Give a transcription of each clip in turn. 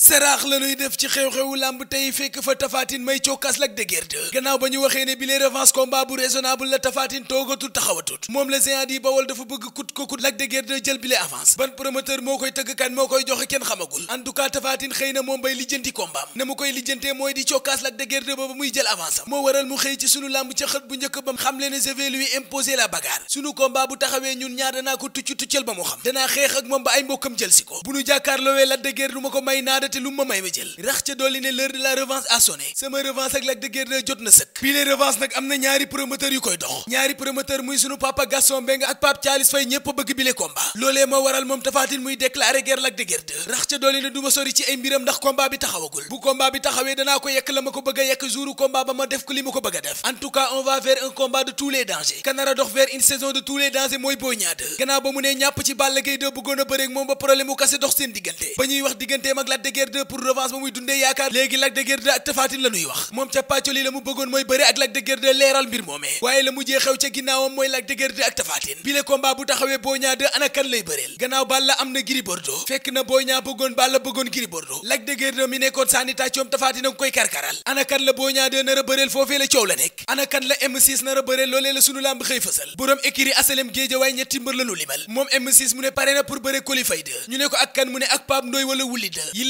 saraax la nuy def ci xew-xewu làmb tey fekk fa tafaatin may cokkaas lak dëgër de gannaaw ba ñu waxee ne bi les revanche combat bu raisonnable la tafaatin toogatut taxawatut moom la géant yi bawol dafa bëgg kut ko kut lak dëgër de jël bi les avance ban promoteur moo koy tëgg kan moo koy joxe kenn xamagul en tout cas tafaatin xëy na moom bay lijjanti combat na mu koy lijjantee mooy di cokkaas lak dëgër ba ba muy jël avance moo waral mu xëy ci sunu làmb taxawee ñun ñaar danaa ba mu xam danaa xeex ak mbokkam jël si ko bu ñu jàkkaarloowee lak dëgër du ma naa te lu ma may ma jël rax ca dolli ne l'heure de la revanche a sonné sama revanche ak Lac de Guiers jot na sëkk bii les nag am na ñaari promoteur yu koy dox ñaari promoteur muy sunu papa Gaston Mbengue ak Pape Thialis Faye ñépp a bëgg bile combat loolee moo waral moom Tapha Tine muy déclarer guerre Lac de Guiers rax ca dolli ne du sori ci ay mbiram ndax combat bi taxawagul bu combat bi taxawee danaa ko yekk la ma ko bëgg yekk jouru combat ba ma def ko li ma guerre pour revanche ba muy dundee yaakaar léegi Lac ak Tapha Tine wax moom ca pàccoli la mu bëggoon mooy bëre ak Lac leeral mbir moomee waaye la mujjee xew ca ginnaawam mooy Lac ak Tapha Tine bu taxawee Boy Niang lay bëreel gannaaw Balla am na Gris Bordeaux fekk na Boy Niang bëggoon Balla bëggoon Gris Bordeaux Lac mi nekkoon sanitation Tapha Tine a koy karkaral ana kan la Boy Niang 2 foofee la coow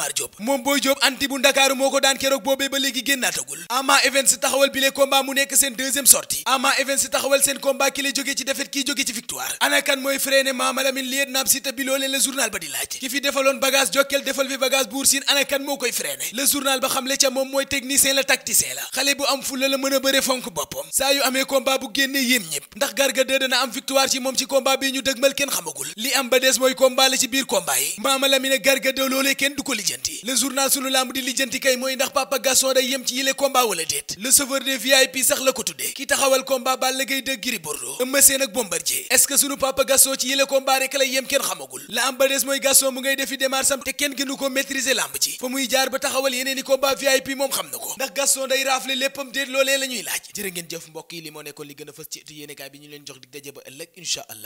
Amar Diop moom Boy Diop anti bu ndakaaru moo ko daan keroog boobee ba léegi génnaatagul Ama Events taxawal bile combat mu nekk seen deuxième sortie Ama Events taxawal seen combat ki la jóge ci défaite kii jóge ci victoire ana kan mooy freiné Mama Lamine liet naam si ta loolee la journal ba di laaj ki fi defaloon bagage jokkel defal fi bagage buur siin ana moo koy freiné le journal ba xam ca moom mooy technicien la tacticien la xale bu am fulla la mën lijjanti le journal sunu lamb di lijjanti kay mooy ndax Papa Gaston day yem ci yile combat wala déet le sauveur des VIP sax la ko tuddee ki taxawal combat Balla Gaye de Gris Bordeaux Eumeu Sène ak Bombardier est sunu Papa Gaston ci yile combat rek lay yem kenn xamagul la am ba des mooy Gaston mu ngay defi démarche te kenn gënu ko maîtriser lamb ji fa muy jaar ba taxawal yeneeni combat VIP moom xam na ko ndax Gaston day raafle léppam déet loolee la a fës ci yéenekaay bi ñu leen jox